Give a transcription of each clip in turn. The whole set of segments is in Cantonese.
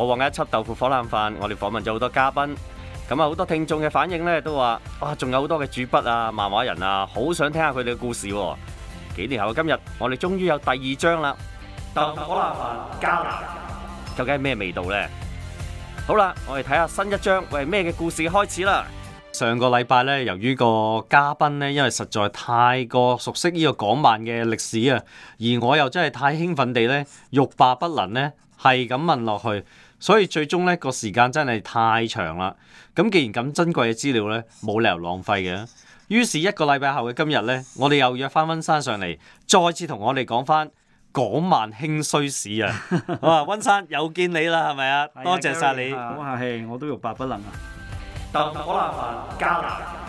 我講一輯豆腐火腩飯，我哋訪問咗好多嘉賓，咁啊好多聽眾嘅反應咧都話：，哇，仲有好多嘅主筆啊、漫畫人啊，好想聽下佢哋嘅故事。幾年後嘅今日，我哋終於有第二章啦！豆腐火腩飯加辣，究竟係咩味道咧？好啦，我哋睇下新一章，喂，咩嘅故事開始啦？上個禮拜咧，由於個嘉賓咧，因為實在太過熟悉呢個港漫嘅歷史啊，而我又真係太興奮地咧，欲罷不能咧，係咁問落去。所以最終咧，這個時間真係太長啦，咁既然咁珍貴嘅資料咧，冇理由浪費嘅，於是，一個禮拜後嘅今日咧，我哋又約翻温山上嚟，再次同我哋講翻港萬興衰史啊！ 好啊，温山又見你啦，係咪啊？ 多謝晒人你。好客氣，我都欲罷不能啊！好交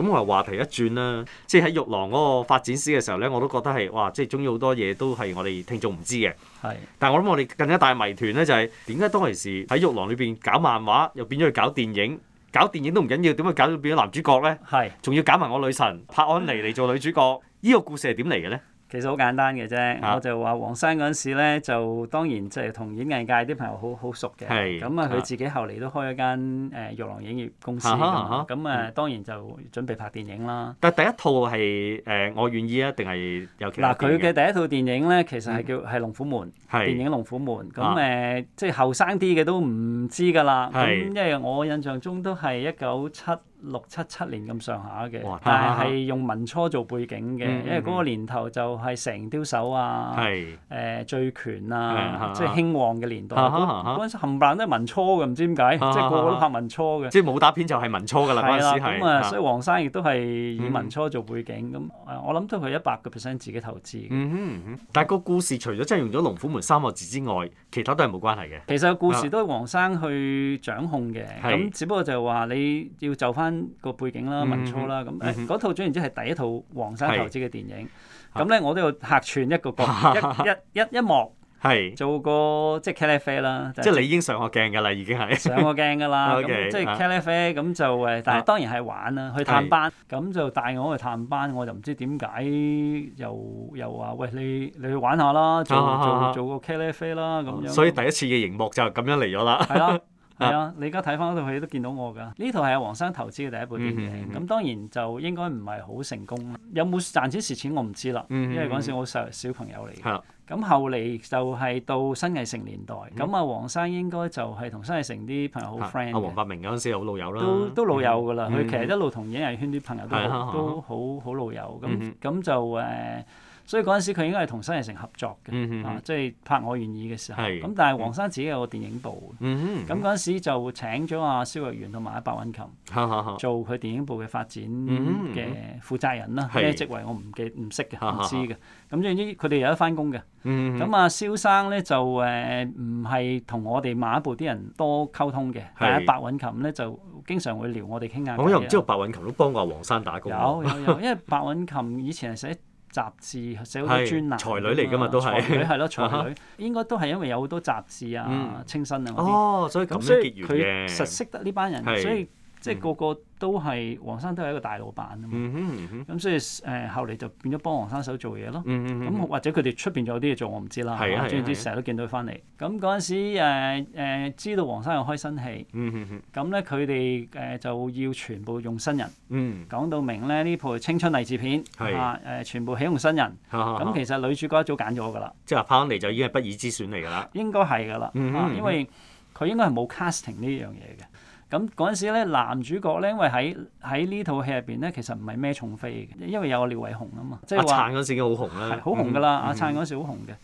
咁我話話題一轉啦，即係喺玉郎嗰個發展史嘅時候咧，我都覺得係哇，即係中意好多嘢都係我哋聽眾唔知嘅。是但係我諗我哋更加大嘅謎團咧、就是，就係點解當其時喺玉郎裏邊搞漫畫，又變咗去搞電影，搞電影都唔緊要，點解搞到變咗男主角咧？仲是要搞埋我女神柏安妮嚟做女主角，呢是個故事係點嚟嘅咧？其實好簡單嘅啫，啊、我就話黃生嗰陣時咧，就當然即係同演藝界啲朋友好好熟嘅。咁啊是，佢自己後嚟都開咗間誒玉郎影業公司。咁啊，當然就準備拍電影啦。但第一套係誒我願意啊，定係有其他？嗱，佢嘅第一套電影咧，其實係叫係《嗯、龍虎門》電影《龍虎門》。咁誒，即係後生啲嘅都唔知㗎啦。咁是因為我印象中都係一九七六七七年咁上下嘅，但係用民初做背景嘅，因為嗰個年頭就係蛇形刁手啊，誒醉拳啊，即係興旺嘅年代。嗰陣冚唪唥都係民初嘅，唔知點解，即係個個都拍民初嘅。即係武打片就係民初㗎啦，嗰陣時係。咁啊，所以黃生亦都係以民初做背景。咁我諗都係一百個 percent 自己投資。但係個故事除咗真係用咗《龍虎門》三個字之外，其他都係冇關係嘅。其實個故事都係黃生去掌控嘅，咁只不過就係話你要就翻。個背景啦，文初啦，咁嗰套總言之係第一套黃生投資嘅電影，咁咧我都有客串一個角，一一一幕係做個即係茄喱啡啦，即係你已經上過鏡㗎啦，已經係上過鏡㗎啦，即係茄喱啡，咁就誒，但係當然係玩啦，去探班，咁就帶我去探班，我就唔知點解又又話喂，你你去玩下啦，做做做個茄喱啡啦，咁，所以第一次嘅熒幕就係咁樣嚟咗啦。係啊，你而家睇翻嗰套戲都見到我噶。呢套係阿黃生投資嘅第一部電影，咁當然就應該唔係好成功啦。有冇賺錢蝕錢我唔知啦，因為嗰陣時我細小朋友嚟嘅。咁後嚟就係到新藝城年代，咁阿黃生應該就係同新藝城啲朋友好 friend。阿黃百鳴嗰陣時好老友啦。都都老友噶啦，佢其實一路同演藝圈啲朋友都好好老友。咁咁就誒。所以嗰陣時佢應該係同新藝城合作嘅，即係拍《我願意》嘅時候。咁但係黃生自己有個電影部，咁嗰陣時就請咗阿蕭若元同埋阿白韻琴，做佢電影部嘅發展嘅負責人啦。咩職位我唔記唔識嘅，唔知嘅。咁總言之，佢哋有得翻工嘅。咁阿蕭生咧就誒唔係同我哋馬部啲人多溝通嘅，但係白韻琴咧就經常會聊我哋傾下偈。我又唔知道白韻琴都幫過黃生打工。有有有，因為白韻琴以前係寫。雜誌寫好多專欄、啊，才女嚟㗎嘛都係，係咯才女，女 應該都係因為有好多雜誌啊、嗯、清新啊，哦，那所以咁樣結緣嘅，佢實識得呢班人，的所以。即係個個都係黃生都係一個大老闆啊嘛，咁所以誒後嚟就變咗幫黃生手做嘢咯。咁或者佢哋出邊仲有啲嘢做，我唔知啦。總言之，成日都見到佢翻嚟。咁嗰陣時誒誒知道黃生有開新戲，咁咧佢哋誒就要全部用新人。講到明咧，呢部青春勵志片，誒全部起用新人。咁其實女主角一早揀咗㗎啦。即係翻嚟就已經係不二之選嚟㗎啦。應該係㗎啦，因為佢應該係冇 casting 呢樣嘢嘅。咁嗰陣時咧，男主角咧，因為喺喺呢套戲入邊咧，其實唔係咩重妃嘅，因為有個廖偉雄啊嘛。即係話，阿燦嗰陣時已經好紅啦，好、嗯、紅噶啦，嗯、阿燦嗰陣時好紅嘅。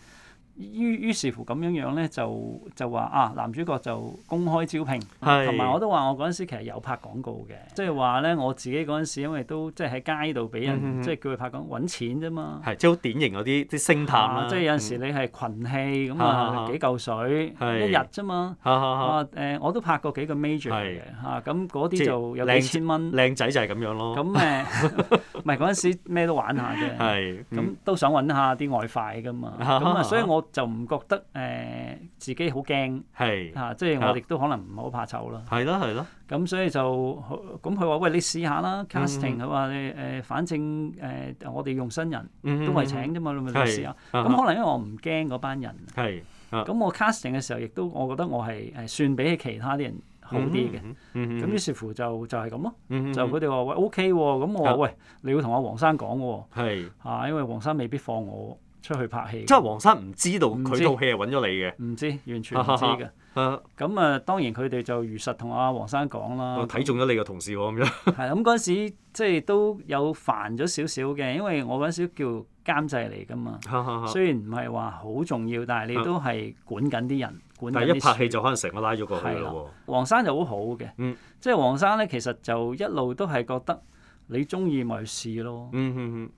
於於是乎咁樣樣咧，就就話啊，男主角就公開招聘，同埋我都話我嗰陣時其實有拍廣告嘅，即係話咧，我自己嗰陣時因為都即係喺街度俾人即係叫佢拍廣告揾錢啫嘛，係即係好典型嗰啲啲星探啊，即係有陣時你係群戲咁啊，幾嚿水一日啫嘛，啊誒我都拍過幾個 major 嘅嚇，咁嗰啲就有幾千蚊，靚仔就係咁樣咯，咁誒咪嗰陣時咩都玩下嘅，係咁都想揾下啲外快噶嘛，咁啊所以我。就唔覺得誒、呃、自己好驚，係即係我哋都可能唔好怕醜啦。係咯，係咯。咁所以就咁佢話：喂，你試下啦，casting 佢話誒反正誒、呃、我哋用新人、mm hmm. 都係請啫嘛，mm hmm. 你咪試下。咁、mm hmm. 可能因為我唔驚嗰班人，咁、mm hmm. 我 casting 嘅時候，亦都我覺得我係算比起其他啲人好啲嘅。咁、mm hmm. mm hmm. 於是乎就係、mm hmm. 就係咁咯。就佢哋話喂 OK 喎、啊，咁我話喂你要同阿黃生講喎、啊啊，因為黃生未必放我。出去拍戲，即係黃生唔知道佢套戲係揾咗你嘅，唔知完全唔知嘅。咁啊，當然佢哋就如實同阿黃生講啦。睇中咗你嘅同事喎，咁樣。係咁嗰陣時，即係都有煩咗少少嘅，因為我嗰陣時叫監製嚟㗎嘛。雖然唔係話好重要，但係你都係管緊啲人，管緊啲。但係一拍戲就可能成日拉咗過去啦喎。黃生就好好嘅，即係黃生咧，其實就一路都係覺得。你中意咪試咯，啲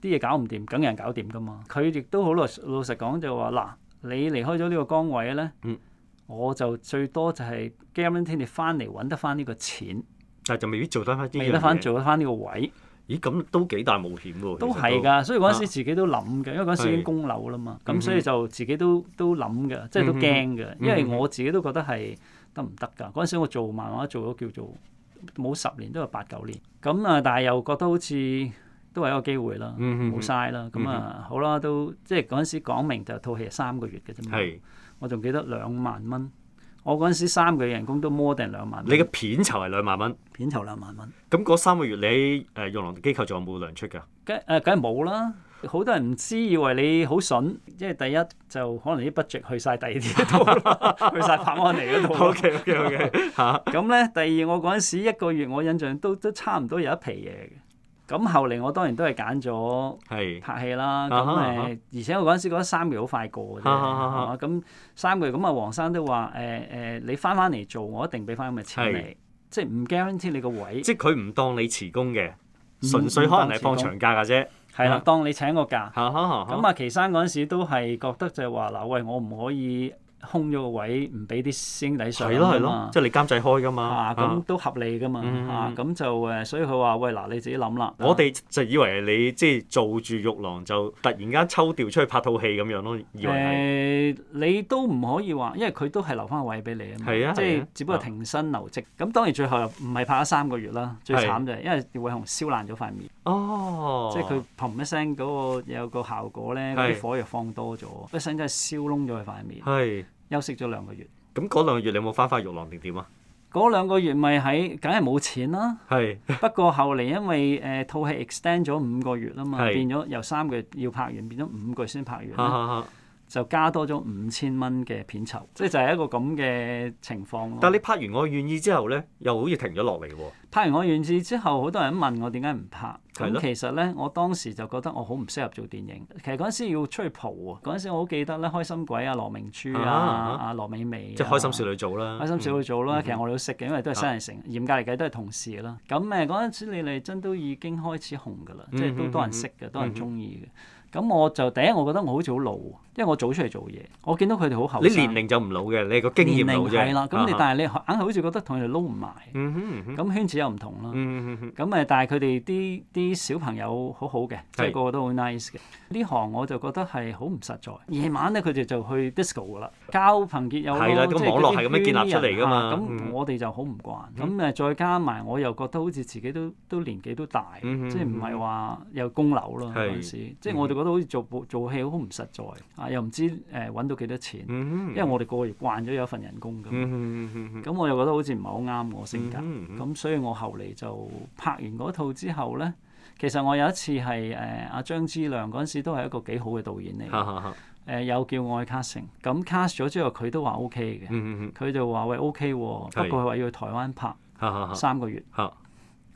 嘢、嗯、搞唔掂，梗有人搞掂噶嘛。佢亦都好耐，老實講就話嗱，你離開咗呢個崗位咧，嗯、我就最多就係驚天你翻嚟揾得翻呢個錢，但係就未必做得翻呢樣嘢，得翻做得翻呢個位。咦，咁都幾大冒險喎？都係㗎，所以嗰陣時自己都諗嘅，因為嗰陣時已經供樓啦嘛，咁、嗯、所以就自己都都諗嘅，即係都驚嘅，嗯、哼哼因為我自己都覺得係得唔得㗎。嗰陣、嗯、時我做漫畫做咗叫做。冇十年都係八九年，咁啊，但係又覺得好似都係一個機會啦，冇晒啦，咁啊，好啦，都即係嗰陣時講明就套戲係三個月嘅啫嘛。係，我仲記得兩萬蚊，我嗰陣時三個月人工都摸定兩萬，你嘅片酬係兩萬蚊，片酬兩萬蚊，咁嗰三個月你誒用龍機構仲有冇糧出噶？梗誒梗係冇啦。好多人唔知，以為你好筍，即係第一就可能啲 budget 去晒第二啲度，去晒柏安妮嗰度。OK OK OK 咁咧第二，我嗰陣時一個月我印象都都差唔多有一皮嘢嘅。咁後嚟我當然都係揀咗拍戲啦。咁誒，而且我嗰陣時覺得三個月好快過嘅啫。咁三個月咁啊，黃生都話誒誒，你翻翻嚟做，我一定俾翻咁嘅錢你，即係唔 guarantee 你個位。即係佢唔當你辭工嘅，純粹可能係放長假嘅啫。係啦，當你請個假，咁阿奇山嗰陣時都係覺得就係話嗱，喂，我唔可以空咗個位，唔俾啲師兄弟上，係咯係咯，即係你監製開噶嘛，咁都合理噶嘛，咁就誒，所以佢話喂嗱，你自己諗啦。我哋就以為你即係做住玉郎就突然間抽調出去拍套戲咁樣咯，以為係。誒，你都唔可以話，因為佢都係留翻個位俾你啊嘛，即係只不過停薪留職。咁當然最後又唔係拍咗三個月啦，最慘就係因為廖偉雄燒爛咗塊面。哦，oh，即係佢砰一聲嗰個有個效果咧，啲是火藥放多咗，一聲真係燒燶咗佢塊面。是休息咗兩個月。咁嗰兩個月你有冇翻返玉郎定點啊？嗰兩個月咪喺，梗係冇錢啦。是不過後嚟因為誒、呃、套戲 extend 咗五個月啊嘛，是變咗由三個月要拍完變咗五個月先拍完。 就加多咗五千蚊嘅片酬，即係就係一個咁嘅情況咯。但係你拍完我願意之後咧，又好似停咗落嚟喎。拍完我願意之後，好多人問我點解唔拍。咁其實咧，我當時就覺得我好唔適合做電影。其實嗰陣時要出去蒲喎，嗰陣時我好記得咧，開心鬼啊、羅明珠啊、阿羅美美，即係開心少女組啦，開心少女組啦。其實我哋都識嘅，因為都係新人成，嚴格嚟計都係同事啦。咁誒，嗰陣時李麗珍都已經開始紅㗎啦，即係都多人識嘅，多人中意嘅。咁我就第一，我覺得我好似好老，因為我早出嚟做嘢，我見到佢哋好後生。你年齡就唔老嘅，你個經驗老啫。年齡啦，咁你但係你硬係好似覺得同佢哋撈唔埋。咁圈子又唔同啦。嗯咁誒，但係佢哋啲啲小朋友好好嘅，即係個個都好 nice 嘅。呢行我就覺得係好唔實在。夜晚咧，佢哋就去 disco 噶啦。交朋結友係啦，咁網絡係咁樣建立出嚟噶嘛。咁我哋就好唔慣。咁誒，再加埋我又覺得好似自己都都年紀都大，即係唔係話有供樓咯嗰陣時。即係我哋。覺得好似做做戲好唔實在，啊又唔知誒揾、呃、到幾多錢，嗯、哼因為我哋個個月慣咗有一份人工咁，咁、嗯、哼我又覺得好似唔係好啱我性格，咁、嗯、哼所以我後嚟就拍完嗰套之後咧，其實我有一次係誒阿張之亮嗰陣時都係一個幾好嘅導演嚟，誒有、啊啊呃、叫我去 casting，咁、啊、cast 咗之後佢都話 O K 嘅，佢就話喂 O K 喎，不過佢話要去台灣拍三個月。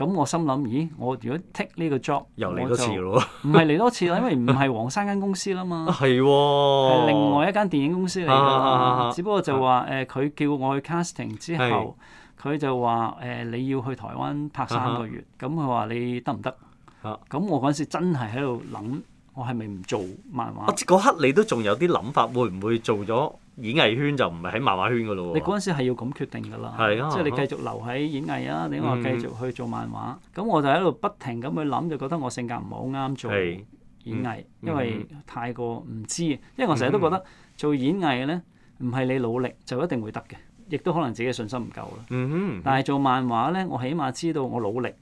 咁我心諗，咦？我如果 take 呢個 job，又嚟多次咯，唔係嚟多次啦，因為唔係黃生間公司啦嘛，係喎，係另外一間電影公司嚟㗎， 只不過就話誒，佢、 呃、叫我去 casting 之後，佢 就話誒、呃，你要去台灣拍三個月，咁佢話你得唔得？嚇，咁我嗰陣時真係喺度諗。我係咪唔做漫畫？我嗰刻你都仲有啲諗法，會唔會做咗演藝圈就唔係喺漫畫圈㗎喇？喎！你嗰陣時係要咁決定㗎啦，的即係你繼續留喺演藝啊，定話、嗯、繼續去做漫畫？咁我就喺度不停咁去諗，就覺得我性格唔好啱做演藝，嗯嗯、因為太過唔知。因為我成日都覺得做演藝咧，唔係你努力就一定會得嘅，亦都可能自己嘅信心唔夠啦。嗯嗯嗯、但係做漫畫咧，我起碼知道我努力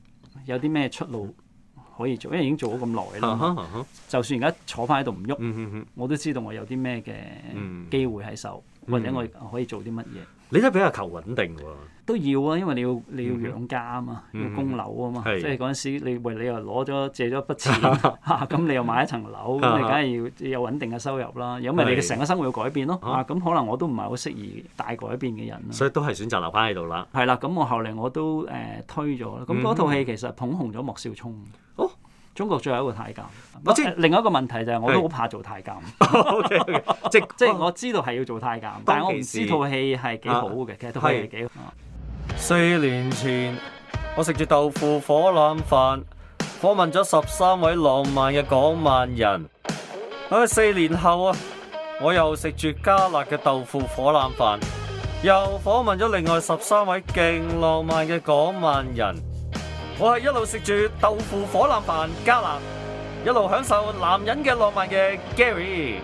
有啲咩出路。可以做，因為已經做咗咁耐啦。Uh huh, uh huh. 就算而家坐翻喺度唔喐，uh huh. 我都知道我有啲咩嘅機會喺手，uh huh. 或者我可以做啲乜嘢。你都比較求穩定喎？哦，都要啊，因為你要你要養家啊嘛，mm hmm. 要供樓啊嘛，mm hmm. 即係嗰陣時你為你又攞咗借咗一筆錢，咁、 啊、你又買一層樓，咁 你梗係要，要有穩定嘅收入啦，如果唔係你嘅成個生活要改變咯，咁、 啊、可能我都唔係好適宜大改變嘅人啦，所以都係選擇留翻喺度啦。係啦，咁我後嚟我都誒、呃、推咗啦，咁嗰套戲其實捧紅咗莫少聰。 中國最後一個太監。我知，另外一個問題就係我都好怕做太監。即即係我知道係要做太監，但係我唔知套戲係幾好嘅。啊、其實套戲係幾好。是啊、四年前我食住豆腐火腩飯，訪問咗十三位浪漫嘅港萬人。啊，四年後啊，我又食住加辣嘅豆腐火腩飯，又訪問咗另外十三位勁浪漫嘅港萬人。我係一路食住豆腐火腩飯加辣，一路享受男人嘅浪漫嘅 Gary。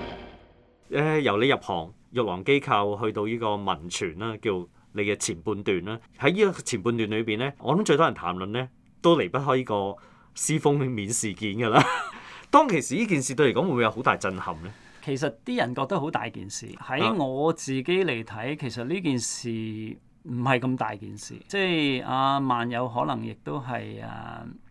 誒、呃，由你入行玉皇機構去到呢個民傳啦，叫你嘅前半段啦。喺呢個前半段裏邊咧，我諗最多人談論咧，都離不開呢個師風面事件㗎啦。 當其時呢件事對你嚟講會唔會有好大震撼咧？其實啲人覺得好大件事。喺我自己嚟睇，其實呢件事，唔係咁大件事，即係阿萬有可能亦都係誒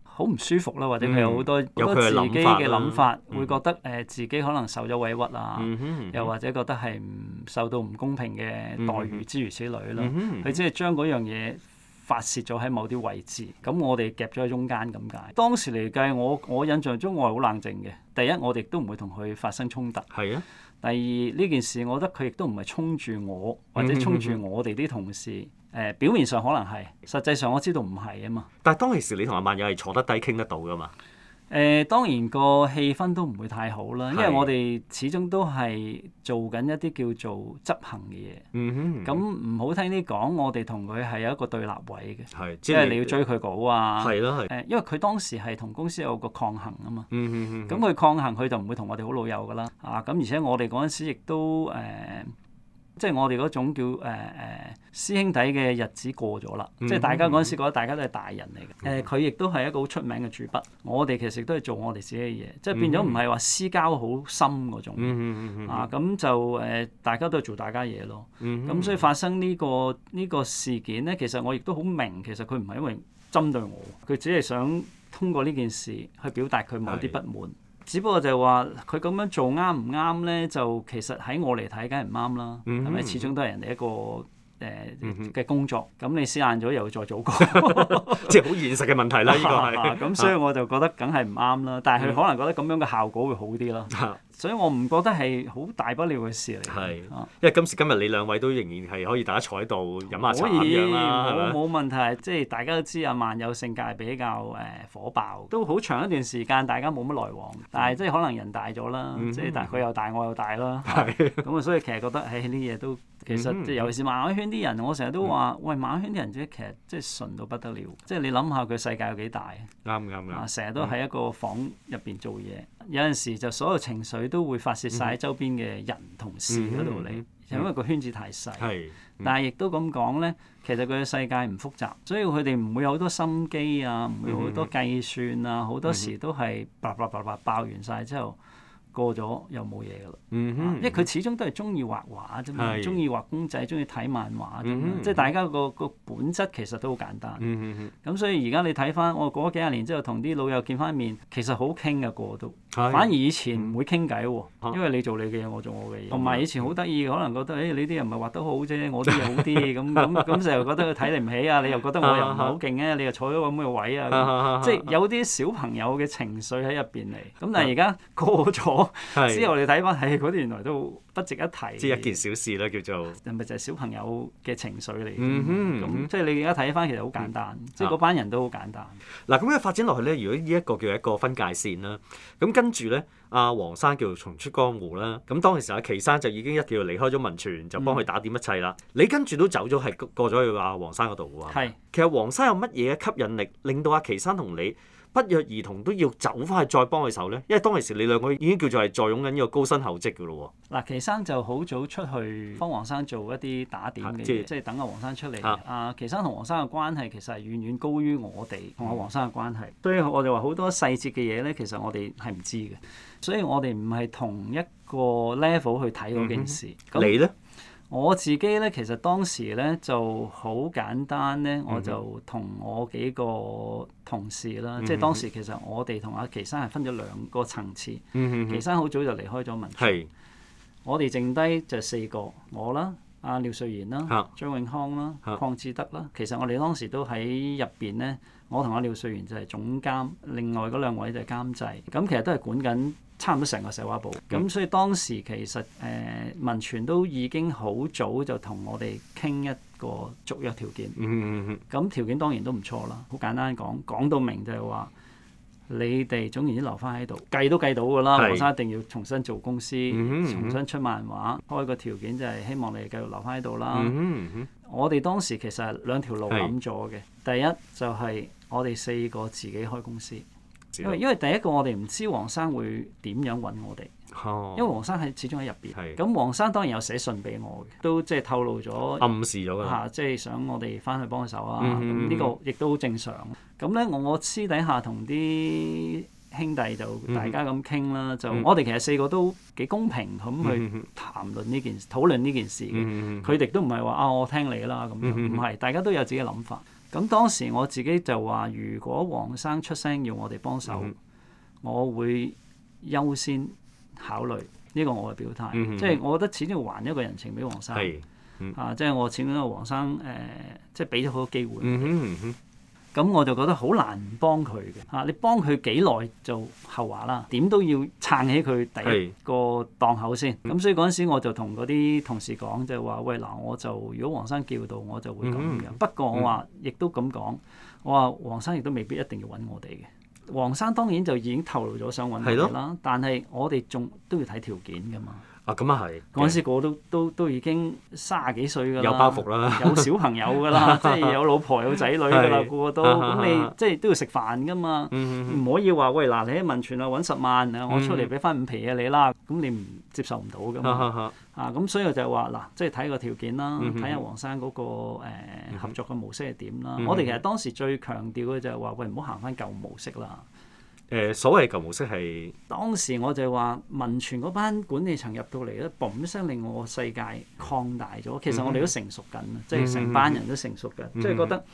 好唔舒服啦，或者係好多好、嗯、多自己嘅諗法，嗯、會覺得誒自己可能受咗委屈啊，嗯嗯、又或者覺得係受到唔公平嘅待遇之如此類啦。佢、嗯嗯嗯、即係將嗰樣嘢發泄咗喺某啲位置，咁我哋夾咗喺中間咁解。當時嚟計我，我我印象中我係好冷靜嘅。第一，我哋都唔會同佢發生衝突。係啊。第二呢件事，我覺得佢亦都唔係衝住我，或者衝住我哋啲同事。誒、嗯嗯嗯呃、表面上可能係，實際上我知道唔係啊嘛。但當其時，你同阿萬又係坐得低傾得到㗎嘛？誒、呃、當然個氣氛都唔會太好啦，的因為我哋始終都係做緊一啲叫做執行嘅嘢。嗯咁唔好聽啲講，我哋同佢係有一個對立位嘅。的即係你要追佢稿啊。係因為佢當時係同公司有個抗衡啊嘛。嗯咁佢、嗯、抗衡，佢就唔會同我哋好老友噶啦。啊，咁而且我哋嗰陣時亦都誒。呃即係我哋嗰種叫誒誒、呃、師兄弟嘅日子過咗啦，嗯、哼即係大家嗰陣時覺得大家都係大人嚟嘅。誒佢亦都係一個好出名嘅主筆，我哋其實亦都係做我哋自己嘅嘢，嗯、哼即係變咗唔係話私交好深嗰種。嗯嗯、啊咁就誒、呃，大家都係做大家嘢咯。咁、嗯、哼所以發生呢、呢個呢、呢個事件咧，其實我亦都好明，其實佢唔係因為針對我，佢只係想通過呢件事去表達佢某啲不滿。只不過就係話佢咁樣做啱唔啱咧？就其實喺我嚟睇，梗係唔啱啦。係咪始終都係人哋一個誒嘅、呃嗯、哼工作？咁你試爛咗又再做過， 即係好現實嘅問題啦。呢個係咁，啊、所以我就覺得梗係唔啱啦。啊、但係佢可能覺得咁樣嘅效果會好啲啦。嗯 所以我唔覺得係好大不了嘅事嚟，因為今時今日你兩位都仍然係可以大家坐喺度飲下茶咁冇問題，即係大家都知阿萬有性格係比較誒火爆，都好長一段時間大家冇乜來往，但係即係可能人大咗啦，即係但係佢又大，我又大啦，咁啊，所以其實覺得呢啲嘢都其實尤其是漫畫圈啲人，我成日都話，喂漫畫圈啲人即係其實即係純到不得了，即係你諗下佢世界有幾大？啱唔啱啊？成日都喺一個房入邊做嘢，有陣時就所有情緒。佢都會發洩晒喺周邊嘅人同事嗰度嚟，嗯、哼因為個圈子太細。嗯、哼但係亦都咁講咧，其實佢嘅世界唔複雜，所以佢哋唔會有好多心機啊，唔會好多計算啊，好、嗯、哼多時都係，爆爆爆爆爆完晒之後。過咗又冇嘢噶啦，因為佢始終都係中意畫畫啫嘛，中意畫公仔，中意睇漫畫，即係大家個個本質其實都好簡單。咁所以而家你睇翻，我過咗幾廿年之後同啲老友見翻面，其實好傾嘅個個都，反而以前唔會傾偈喎，因為你做你嘅嘢，我做我嘅嘢。同埋以前好得意，可能覺得誒呢啲人唔係畫得好啫，我啲嘢好啲，咁咁咁成日覺得佢睇你唔起啊，你又覺得我又唔係好勁啊，你又坐咗個咁嘅位啊，即係有啲小朋友嘅情緒喺入邊嚟。咁但係而家過咗。是之後我哋睇翻，唉，嗰啲原來都不值一提。即係一件小事啦，叫做，係咪就係小朋友嘅情緒嚟？嘅、嗯嗯？咁即係你而家睇翻，其實好簡單，嗯、即係嗰班人都好簡單。嗱、啊，咁、啊、樣發展落去咧，如果呢一個叫一個分界線啦，咁跟住咧，阿、啊、黃生叫做重出江湖啦。咁當陣時阿奇山就已經一叫離開咗民泉，就幫佢打點一切啦。嗯、你跟住都走咗，係過咗去阿黃生嗰度噶喎。係，其實黃生有乜嘢吸引力，令到阿、啊、奇山同你？不約而同都要走翻去再幫佢手咧，因為當其時你兩個已經叫做係坐擁緊呢個高薪厚職嘅咯喎。嗱，奇生就好早出去幫黃生做一啲打點嘅、啊、即係等阿黃生出嚟。啊，奇、啊、生同黃生嘅關係其實係遠遠高於我哋同阿黃生嘅關係、嗯所。所以我哋話好多細節嘅嘢咧，其實我哋係唔知嘅。所以我哋唔係同一個 level 去睇嗰件事。嗯、你咧？那你呢？我自己咧，其實當時咧就好簡單咧，我就同我幾個同事啦，嗯、哼即係當時其實我哋同阿祁山係分咗兩個層次。嗯嗯。祁山好早就離開咗文創。是我哋剩低就四個，我啦、阿、啊、廖瑞賢啦、啊、張永康啦、鄺、啊、志德啦。其實我哋當時都喺入邊咧，我同阿、啊、廖瑞賢就係總監，另外嗰兩位就係監製，咁其實都係管緊。差唔多成個細畫部，咁所以當時其實誒、呃、文泉都已經好早就同我哋傾一個續約條件。咁條件當然都唔錯啦，好簡單講，講到明就係話你哋總然之留翻喺度，計都計到㗎啦。黃是生一定要重新做公司，嗯嗯、重新出漫畫，開個條件就係希望你哋繼續留翻喺度啦。嗯嗯嗯、我哋當時其實係兩條路諗咗嘅，是第一就係我哋四個自己開公司。因為因為第一個我哋唔知黃生會點樣揾我哋，哦、因為黃生係始終喺入邊。咁黃是生當然有寫信俾我都即係透露咗、暗示咗嘅，即係想我哋翻去幫手啊。呢、嗯、哼個亦都好正常。咁咧，我私底下同啲兄弟就大家咁傾啦。就、嗯、哼我哋其實四個都幾公平咁去談論呢件事。嗯、哼討論呢件事嘅。佢哋、嗯、哼都唔係話啊，我聽你啦咁，唔係，大家都有自己嘅諗法。咁當時我自己就話：如果黃生出聲要我哋幫手，嗯、哼我會優先考慮呢個我嘅表態。即係、嗯、哼我覺得始終要還一個人情俾黃生，嗯、啊，即、就、係、是、我始終都黃生誒、呃，即係俾咗好多機會。嗯咁我就覺得好難幫佢嘅嚇，你幫佢幾耐就後話啦，點都要撐起佢第一個檔口先。咁是所以嗰陣時我就同嗰啲同事講，就係話喂，嗱，我就如果黃生叫到我就會咁樣。嗯、哼不過我話、嗯、亦都咁講，我話黃生亦都未必一定要揾我哋嘅。黃生當然就已經透露咗想揾我哋啦，的但係我哋仲都要睇條件㗎嘛。啊，咁又係！嗰陣時個都都都已經三十幾歲㗎啦，有包袱啦，有小朋友㗎啦， 即係有老婆有仔女㗎啦，個 個都咁你即係都要食飯㗎嘛，唔 可以話喂嗱你喺溫泉啊揾十萬啊， 我出嚟俾翻五皮嘢你啦，咁你唔接受唔到㗎嘛， 啊咁所以我就係話嗱，即係睇個條件啦，睇下黃生嗰、那個誒、呃、合作嘅模式係點啦， 我哋其實當時最強調嘅就係話喂唔好行翻舊模式啦。誒、呃、所謂舊模式係當時我就話民傳嗰班管理層入到嚟咧，嘣一聲令我世界擴大咗。其實我哋都成熟緊，即係成班人都成熟嘅，即係、嗯、哼覺得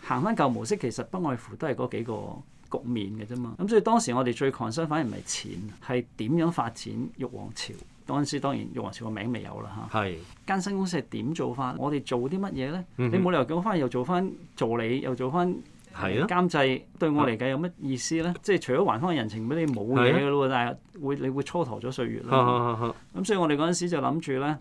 行翻舊模式其實不外乎都係嗰幾個局面嘅啫嘛。咁所以當時我哋最 concern 反而唔係錢，係點樣發展玉皇朝嗰陣時，當時當然玉皇朝個名未有啦嚇。係間是、啊、新公司係點做法？我哋做啲乜嘢咧？嗯、哼你冇理由講翻又做翻助理，又做翻。係咯，監製對我嚟講有乜意思咧？即係除咗還翻人情俾你，冇嘢噶咯喎，但係會你會蹉跎咗歲月啦。咁所以我哋嗰陣時就諗住咧，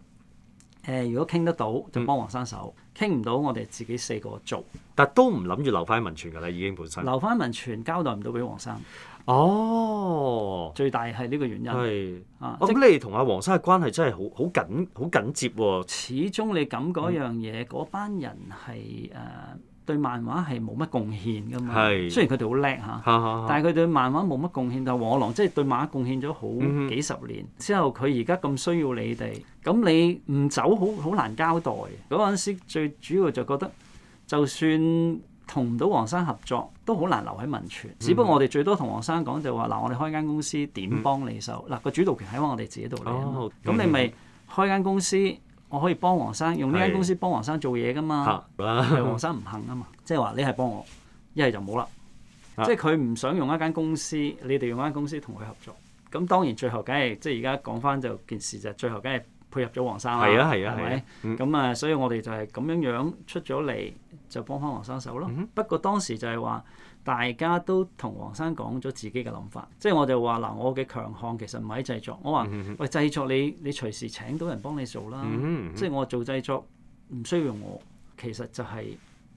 誒如果傾得到就幫黃生手，傾唔到我哋自己四個做。但係都唔諗住留翻喺文傳㗎啦，已經本身留翻文傳交代唔到俾黃生。哦，最大係呢個原因。啊，咁你同阿黃生嘅關係真係好好緊好緊接喎。始終你咁嗰樣嘢，嗰班人係誒。對漫畫係冇乜貢獻噶嘛，是雖然佢哋好叻嚇，哈哈哈哈但係佢對漫畫冇乜貢獻。但係黃玉郎即係對漫畫貢獻咗好幾十年，嗯、哼之後佢而家咁需要你哋，咁你唔走好好難交代。嗰陣時最主要就覺得，就算同唔到黃生合作，都好難留喺民傳。嗯、哼只不過我哋最多同黃生講就話，嗱，我哋開間公司點幫你手？嗱，個主導權喺我哋自己度嚟。咁你咪開間公司。我可以幫黃生用呢間公司幫黃生做嘢㗎嘛？係啦的，黃生唔肯啊嘛，即係話你係幫我，一係就冇啦。是的 即係佢唔想用一間公司，你哋用一間公司同佢合作。咁當然最後梗係即係而家講返就件事就最後梗係。配合咗黃生啊，係啊係啊，係咪、啊？咁啊，啊，、嗯嗯、啊，所以我哋就係咁樣樣出咗嚟，就幫翻黃生手咯。嗯、哼不過當時就係話，大家都同黃生講咗自己嘅諗法，即、就、係、是、我就話嗱，我嘅強項其實唔係喺製作，我話、嗯、哼喂製作你，你隨時請到人幫你做啦。即係、嗯、哼我做製作唔需要用我，其實就係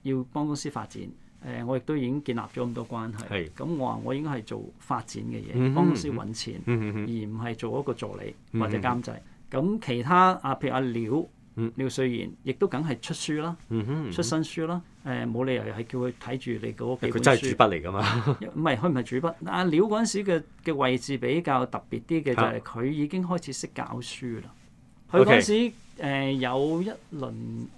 要幫公司發展。誒、呃，我亦都已經建立咗咁多關係。咁是、嗯、哼我話我應該係做發展嘅嘢，嗯、哼幫公司揾錢，嗯、哼而唔係做一個助理或者監製。咁其他啊，譬如阿廖，嗯、廖穗賢，亦都梗係出書啦，嗯、哼出新書啦，誒、呃、冇理由係叫佢睇住你嗰幾本書。佢真係主筆嚟㗎嘛？唔係佢唔係主筆。阿、啊、廖嗰陣時嘅嘅位置比較特別啲嘅，就係佢已經開始識搞書啦。佢嗰陣時誒 okay,、呃、有一輪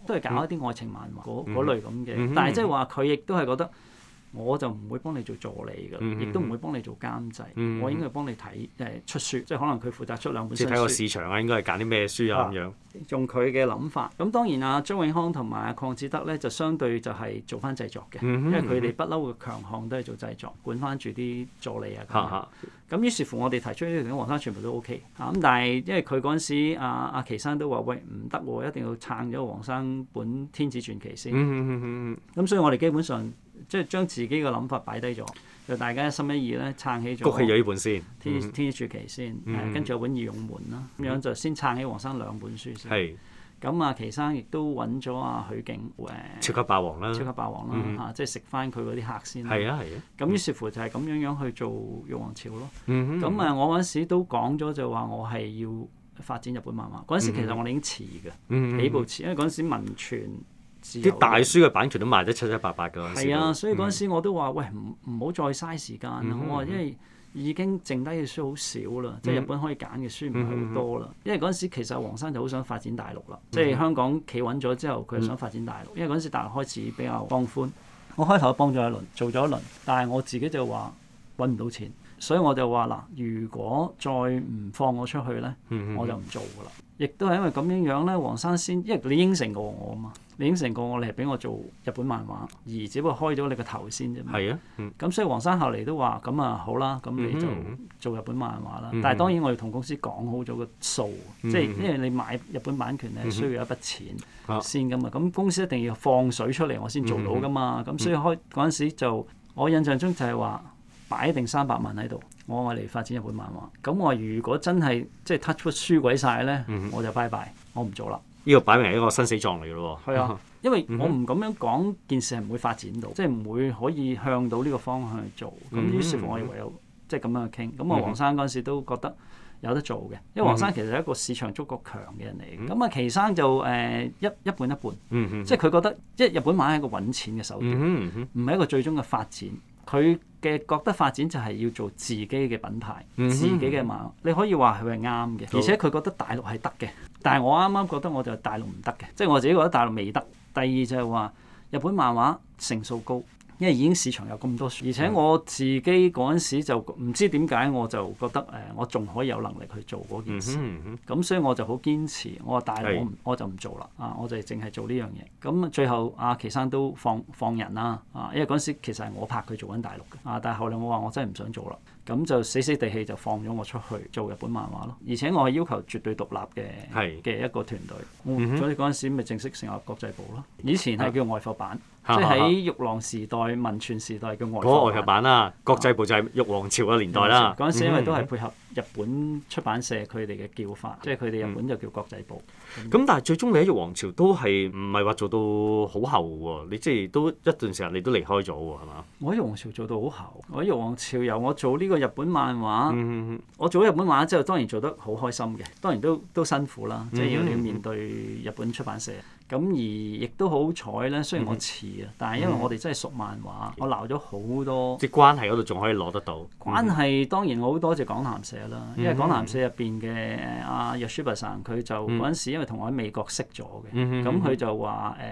都係搞一啲愛情漫畫嗰、嗰、嗯、類咁嘅，嗯、哼但係即係話佢亦都係覺得。我就唔會幫你做助理嘅，亦都唔會幫你做監製。我應該幫你睇誒出書，即係可能佢負責出兩本書。即睇個市場啊，應該係揀啲咩書啊咁樣。用佢嘅諗法。咁當然阿張永康同埋阿鄺志德咧，就相對就係做翻製作嘅，因為佢哋不嬲嘅強項都係做製作，管翻住啲助理啊咁樣。咁於是乎，我哋提出呢條黃生全部都 OK。咁但係因為佢嗰陣時，阿阿奇生都話：喂，唔得喎，一定要撐咗黃生本《天子傳奇》先。咁所以我哋基本上。即係將自己嘅諗法擺低咗，就大家一心一意咧撐起咗。谷氣有呢本先，《天子傳奇》先，跟住有本《義勇門》啦，咁樣就先撐起黃生兩本書先。咁啊，奇生亦都揾咗阿許景誒。超級霸王啦！超級霸王啦！即係食翻佢嗰啲客先。咁於是乎就係咁樣樣去做玉皇朝咯。嗯，咁啊，我嗰陣時都講咗就話我係要發展日本漫畫。嗰陣時其實我哋已經遲嘅，幾步遲，因為嗰陣時民傳。啲大書嘅版權都賣得七七八八㗎。係啊，所以嗰陣時我都話：嗯、哼喂，唔唔好再嘥時間我話、嗯、哼因為已經剩低嘅書好少啦，即係、嗯、哼日本可以揀嘅書唔係好多啦。因為嗰陣時其實黃生就好想發展大陸啦，即係、嗯、哼香港企穩咗之後，佢就想發展大陸。嗯、哼因為嗰陣時大陸開始比較放寬。我開頭幫咗一輪，做咗一輪，但係我自己就話揾唔到錢，所以我就話嗱，如果再唔放我出去咧，我就唔做㗎啦。嗯亦都係因為咁樣樣咧，黃生先，因為你應承過我啊嘛，你應承過我，你係俾我做日本漫畫，而只不過開咗你個頭先啫嘛。咁、啊嗯、所以黃生後嚟都話：咁啊好啦，咁你就做日本漫畫啦。嗯嗯、但係當然我要同公司講好咗個數，嗯、即係因為你買日本版權咧、嗯、需要一筆錢先㗎嘛。咁、嗯、公司一定要放水出嚟，我先做到㗎嘛。咁、嗯嗯、所以開嗰陣時就，我印象中就係話擺定三百萬喺度。我愛嚟發展日本漫畫，咁我如果真係即係 touch wood 輸鬼晒咧，嗯、哼我就拜拜，我唔做啦。呢個擺明係一個生死狀嚟嘅咯。係啊，因為我唔咁樣講，嗯、哼件事係唔會發展到，即係唔會可以向到呢個方向去做。咁於是乎，我唯有即係咁樣去傾。咁啊，黃生嗰時都覺得有得做嘅，因為黃生其實係一個市場觸覺強嘅人嚟嘅。咁啊、嗯哼，奇生就誒、呃、一一,一半一半，嗯、哼即係佢覺得即係日本漫畫係一個揾錢嘅手段，唔係一個最終嘅發展。佢嘅覺得發展就係要做自己嘅品牌，嗯、哼自己嘅漫畫，你可以話佢係啱嘅，而且佢覺得大陸係得嘅。但係我啱啱覺得我就大陸唔得嘅，即、就、係、是、我自己覺得大陸未得。第二就係話日本漫畫成數高。因為已經市場有咁多數，而且我自己嗰陣時就唔知點解，我就覺得誒、呃，我仲可以有能力去做嗰件事，咁、嗯嗯、所以我就好堅持。我話大陸我就唔做啦，是啊，我就淨係做呢樣嘢。咁最後阿奇生都放放人啦，啊，啊，因為嗰陣時其實係我拍佢做緊大陸嘅，啊，但係後嚟我話我真係唔想做啦，咁就死死地氣就放咗我出去做日本漫畫咯。而且我係要求絕對獨立嘅嘅是一個團隊，是嗯、哼所以嗰陣時咪正式成立國際部咯。以前係叫外埠版。是即係喺玉郎時代、文傳時代嘅外，嗰個外國版啦、啊，國際部就係玉皇朝嘅年代啦、啊。嗰陣、嗯、時因為都係配合日本出版社佢哋嘅叫法，嗯、即係佢哋日本就叫國際部。咁、嗯嗯、但係最終你喺玉皇朝都係唔係話做到好後喎？你即係都一段時間你都離開咗喎，係嘛？我喺玉皇朝做到好後，我喺玉皇朝由我做呢個日本漫畫，嗯、我做咗日本漫畫之後，當然做得好開心嘅，當然都都辛苦啦，即係、嗯、要你面對日本出版社。咁而亦都好彩咧，雖然我遲啊，但係因為我哋真係熟漫畫，嗯、哼我鬧咗好多。即關係嗰度仲可以攞得到。嗯、哼關係當然我好多謝講談社啦，因為講談社入邊嘅阿約舒伯神佢就嗰陣時因為同我喺美國識咗嘅，咁佢就話誒，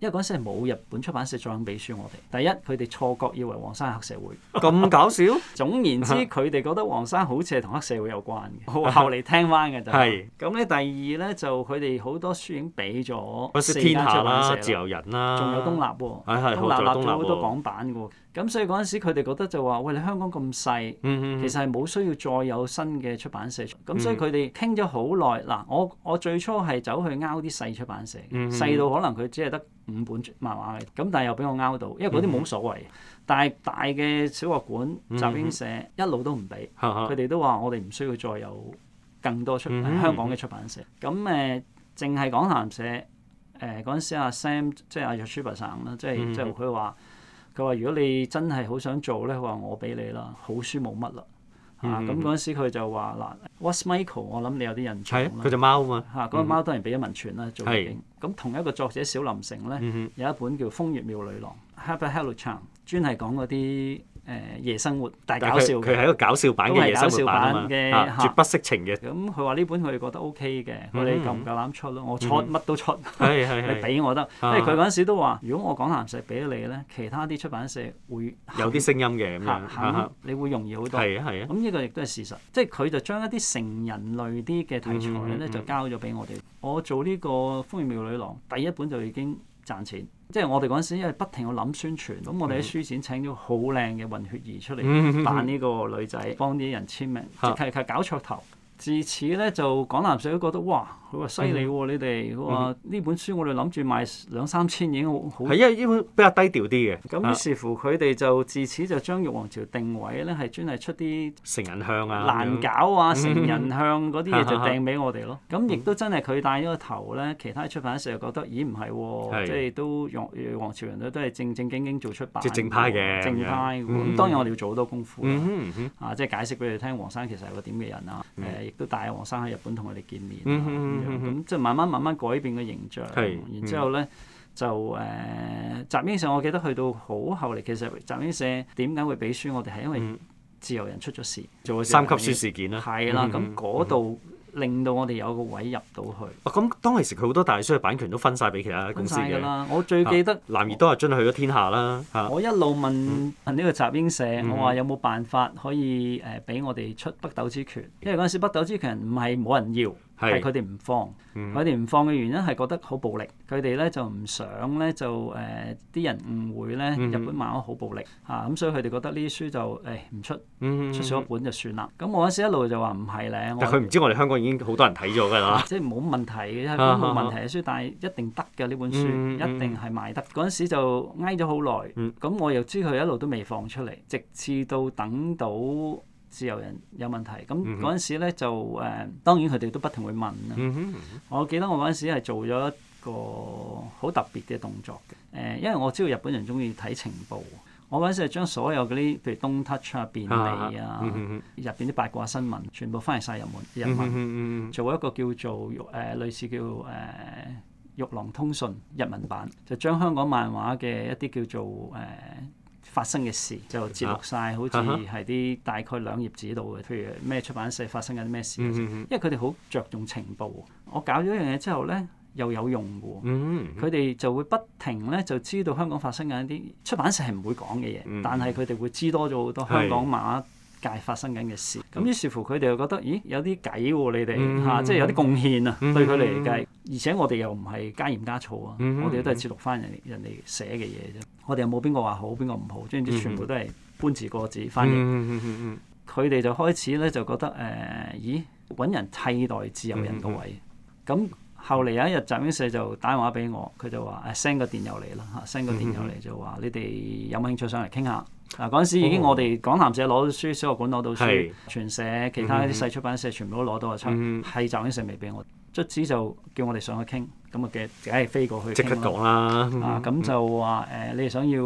因為嗰陣時係冇日本出版社再肯俾書我哋。第一，佢哋錯覺以為黃生係黑社會，咁搞笑。 總言之，佢哋 覺得黃生好似係同黑社會有關嘅。我後嚟聽翻嘅就係咁咧。第二咧，就佢哋好多書已經俾咗。出天下啦，自由人啦，仲有東立喎，東立立咗好多港版嘅喎。咁所以嗰陣時，佢哋覺得就話，喂，你香港咁細，其實係冇需要再有新嘅出版社。咁所以佢哋傾咗好耐。嗱，我我最初係走去勾啲細出版社，細到可能佢只係得五本漫畫嘅。咁但係又俾我勾到，因為嗰啲冇乜所謂。但係大嘅小學館、集英社一路都唔俾，佢哋都話：我哋唔需要再有更多出香港嘅出版社。咁誒，淨係講談社。.誒嗰陣時阿、啊、Sam 即係阿約書伯神啦，san, 即係即係佢話佢話如果你真係好想做咧，佢話我俾你、嗯哼啊、啦，好書冇乜啦。咁嗰陣時佢就話嗱，What's Michael？我諗你有啲印象啦。係啊，佢隻貓嘛啊嘛嗰、那個貓當然俾咗文傳啦，嗯、哼做應。咁是同一個作者小林誠咧，有一本叫《風月妙女郎》，Happy Helltown，嗯、哼專係講嗰啲。誒，夜生活大搞笑，佢係一個搞笑版嘅夜生活版嘅，絕不色情嘅。咁佢話呢本佢哋覺得 OK 嘅，我哋夠唔夠膽出咯？我出乜都出，你俾我得。因為佢嗰陣時都話，如果我講藍石俾你咧，其他啲出版社會有啲聲音嘅咁樣，你會容易好多。係啊係啊，咁呢個亦都係事實。即係佢就將一啲成人類啲嘅題材咧，就交咗俾我哋。我做呢個《風月妙女郎》第一本就已經賺錢。即係我哋嗰陣時，因為不停要諗宣傳，咁我哋喺書展請咗好靚嘅混血兒出嚟扮呢個女仔，幫啲 人簽名，即係係搞噱頭。自此咧就港南社都覺得哇，佢話犀利喎你哋，佢話呢本書我哋諗住賣兩三千已經好好。係因為呢本比較低調啲嘅。咁於是乎佢哋就自此就將玉皇朝定位咧係專係出啲成人向啊，難搞啊，成人向嗰啲嘢就掟俾我哋咯。咁亦都真係佢帶咗個頭咧，其他出版社就覺得咦，唔係，即係都玉皇朝人都係正正經經做出版，即係正派嘅，正派。咁當然我哋要做好多功夫。即係解釋俾佢聽，黃生其實係個點嘅人啊，亦都帶阿黃生喺日本同佢哋見面，咁即係慢慢慢慢改變個形象。是然之後咧、嗯、就誒集、呃、英社，我記得去到好後嚟，其實集英社點解會俾書我哋係因為自由人出咗事，做、嗯、三級書事件啦、啊。係啦的，咁嗰度。令到我哋有個位入到去。咁、哦嗯、當其時，佢好多大書嘅版權都分晒俾其他公司嘅。我最記得男兒、啊、都係將佢去咗天下啦。我、啊、我一路問呢、嗯、個集英社，我話有冇辦法可以誒俾、呃、我哋出北斗之拳？因為嗰陣時北斗之拳唔係冇人要。係佢哋唔放，佢哋唔放嘅原因係覺得好暴力，佢哋咧就唔想咧就誒啲、呃、人誤會咧日本漫畫好暴力嚇，咁、嗯啊嗯、所以佢哋覺得呢啲書就誒唔出，嗯、出咗一本就算啦。咁我嗰時一路就話唔係咧，但佢唔知我哋香港已經好多人睇咗㗎啦。即係冇問題嘅，都冇問題嘅書，但係一定得嘅呢本書，嗯、一定係賣得。嗰陣、嗯、時就挨咗好耐，咁、嗯嗯、我又知佢一路都未放出嚟，直至到等到。自由人有問題，咁嗰陣時咧就誒、呃，當然佢哋都不停會問啦、啊。嗯哼嗯哼我記得我嗰陣時係做咗一個好特別嘅動作嘅，誒、呃，因為我知道日本人鍾意睇情報，我嗰陣時係將所有嗰啲，譬如《東 Touch》啊、便利啊，入邊啲八卦新聞，全部翻譯晒入文，日文，做一個叫做玉誒、呃，類似叫誒玉郎通訊日文版，就將香港漫畫嘅一啲叫做誒。呃發生嘅事就截錄晒，啊、好似係啲大概兩頁紙度嘅，譬、啊、如咩出版社發生緊啲咩事，嗯、哼因為佢哋好着重情報。我搞咗一樣嘢之後咧，又有用嘅喎。佢哋、嗯、哼就會不停咧，就知道香港發生緊啲出版社係唔會講嘅嘢，嗯、哼但係佢哋會知多咗好多香港漫。是慢慢界發生緊嘅事，咁於是乎佢哋又覺得，咦，有啲計喎你哋嚇，即係有啲貢獻啊，對佢哋嚟計，而且我哋又唔係加鹽加醋啊，我哋都係節錄翻人哋人哋寫嘅嘢啫，我哋又冇邊個話好邊個唔好，總言之全部都係搬字過紙翻譯，佢哋就開始咧就覺得誒，咦，揾人替代自由人個位，咁後嚟有一日集英社就打電話俾我，佢就話誒 send 個電郵嚟啦，send 個電郵嚟就話你哋有冇興趣上嚟傾下。嗱，嗰陣時已經，我哋講談社攞到書，小學館攞到書，是全社其他啲細出版社全部都攞到嘅出，係集英社未俾我。卒之就叫我哋上去傾，咁啊嘅梗係飛過去。即刻講啦！啊咁就話誒、嗯哼呃，你哋想要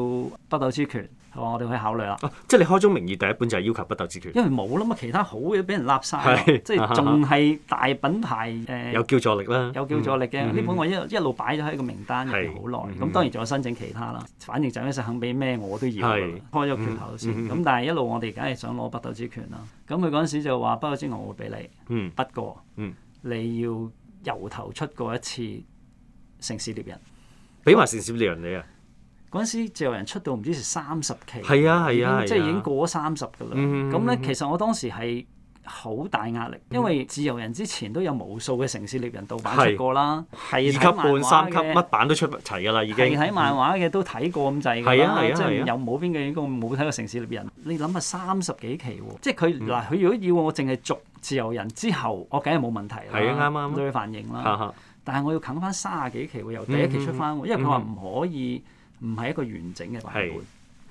北斗之拳。我哋可以考慮啦。即係你開宗明義，第一本就係要求北斗之拳。因為冇啦嘛，其他好嘅俾人笠晒，即係仲係大品牌誒。有叫助力啦。有叫助力嘅呢本，我一一路擺咗喺個名單入邊好耐。咁當然仲有申請其他啦。反正就係嗰時肯俾咩我都要開咗拳頭先。咁但係一路我哋梗係想攞北斗之拳啦。咁佢嗰陣時就話北斗之拳我會俾你。不過，你要由頭出過一次城市獵人，俾埋城市獵人你啊。嗰陣時，自由人出到唔知成三十期，係啊係啊，即係已經過咗三十㗎啦。咁咧，其實我當時係好大壓力，因為自由人之前都有無數嘅城市獵人盜版出過啦，二級半、三級乜版都出齊㗎啦，已經。睇漫畫嘅都睇過咁滯㗎，即係又冇邊個應該冇睇過城市獵人。你諗下三十幾期喎，即係佢嗱，佢如果要我淨係續自由人之後，我梗係冇問題啦。啱啱都佢反應啦。但係我要啃翻三十幾期喎，由第一期出翻喎，因為佢話唔可以。唔係一個完整嘅版本，是